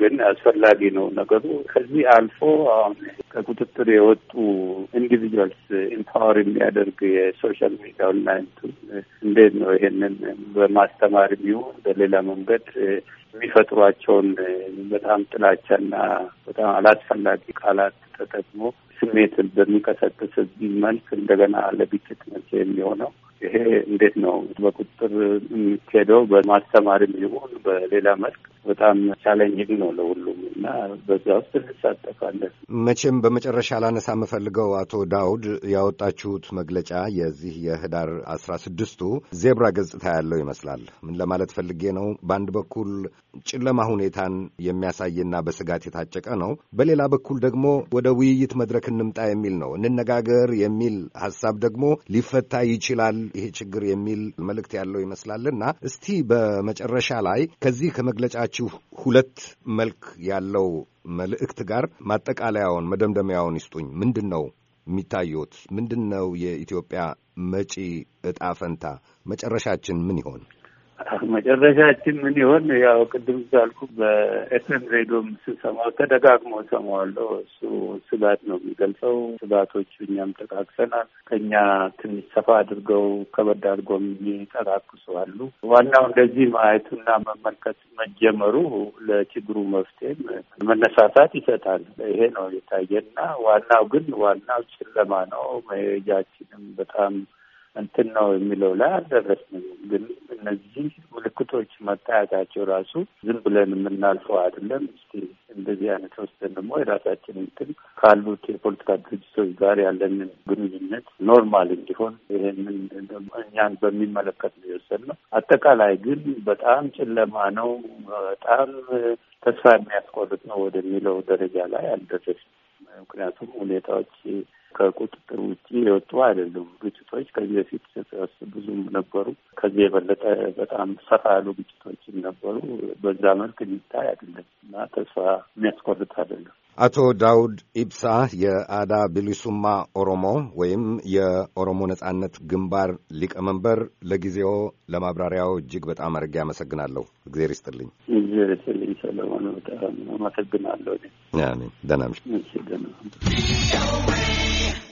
ግን አስፈላጊ ነው ነገሩ። ከዚህ አልፎ ከቁጥጥር የወጡ ኢንዲቪጁዋልስ ኢምፓወር የሚያደርግ የሶሻል ሚዲያ ኦንላይን እንዴት ነው ይሄንን በማስተማር ቢሆን በሌላ መንገድ የሚፈጥሯቸውን በጣም ጥላቻና በጣም አላስፈላጊ ቃላት ተጠቅሞ ስሜትን በሚቀሰቅስ መልክ እንደገና ለግጭት መቼ የሚሆነው ይሄ እንዴት ነው በቁጥር የሚካሄደው? በማስተማርም ይሁን በሌላ መልክ በጣም ቻለንጅ ነው ለሁሉም እና በዛ ውስጥ እንሳተፋለን። መቼም በመጨረሻ ላነሳ የምፈልገው አቶ ዳውድ ያወጣችሁት መግለጫ የዚህ የህዳር አስራ ስድስቱ ዜብራ ገጽታ ያለው ይመስላል። ምን ለማለት ፈልጌ ነው? በአንድ በኩል ጨለማ ሁኔታን የሚያሳይና በስጋት የታጨቀ ነው። በሌላ በኩል ደግሞ ወደ ውይይት መድረክ እንምጣ የሚል ነው። እንነጋገር የሚል ሀሳብ ደግሞ ሊፈታ ይችላል ይሄ ችግር የሚል መልእክት ያለው ይመስላልና እስቲ በመጨረሻ ላይ ከዚህ ከመግለጫችሁ ሁለት መልክ ያለው መልእክት ጋር ማጠቃለያውን መደምደሚያውን ይስጡኝ። ምንድን ነው የሚታየት? ምንድን ነው የኢትዮጵያ መጪ እጣ ፈንታ? መጨረሻችን ምን ይሆን? መጨረሻችን ምን ይሆን? ያው ቅድም ሳልኩ በኤፍኤም ሬዲዮም ስሰማው ተደጋግሞ ሰማዋለሁ። እሱ ስጋት ነው የሚገልጸው። ስጋቶቹ እኛም ጠቃቅሰናል። ከኛ ትንሽ ሰፋ አድርገው ከበድ አድርገው የሚጠቃቅሱ አሉ። ዋናው እንደዚህ ማየቱና መመልከት መጀመሩ ለችግሩ መፍትሄም መነሳሳት ይሰጣል። ይሄ ነው የታየና ዋናው ግን ዋናው ጨለማ ነው። መሄጃችንም በጣም እንትን ነው የሚለው ላይ አልደረስንም። ግን እነዚህ ምልክቶች መታየታቸው ራሱ ዝም ብለን የምናልፈው አይደለም። እስኪ እንደዚህ አይነት ወስደን ደግሞ የራሳችን እንትን ካሉት የፖለቲካ ድርጅቶች ጋር ያለንን ግንኙነት ኖርማል እንዲሆን ይሄንን እኛን በሚመለከት ነው የወሰድነው። አጠቃላይ ግን በጣም ጨለማ ነው፣ በጣም ተስፋ የሚያስቆርጥ ነው ወደሚለው ደረጃ ላይ አልደረስንም። ምክንያቱም ሁኔታዎች ከቁጥጥር ውጭ የወጡ አይደሉም። ግጭቶች ከዚህ በፊት ብዙም ነበሩ። ከዚህ የበለጠ በጣም ሰፋ ያሉ ግጭቶች ነበሩ። በዛ መልክ የሚታይ አይደለም እና ተስፋ የሚያስቆርጥ አይደለም። አቶ ዳውድ ኢብሳ የአዳ ቢሊሱማ ኦሮሞ ወይም የኦሮሞ ነጻነት ግንባር ሊቀመንበር፣ ለጊዜው ለማብራሪያው እጅግ በጣም አድርጌ አመሰግናለሁ። እግዜር ይስጥልኝ። እግዜር ይስጥልኝ ሰለሞን፣ በጣም አመሰግናለሁ። ደህና ነኝ።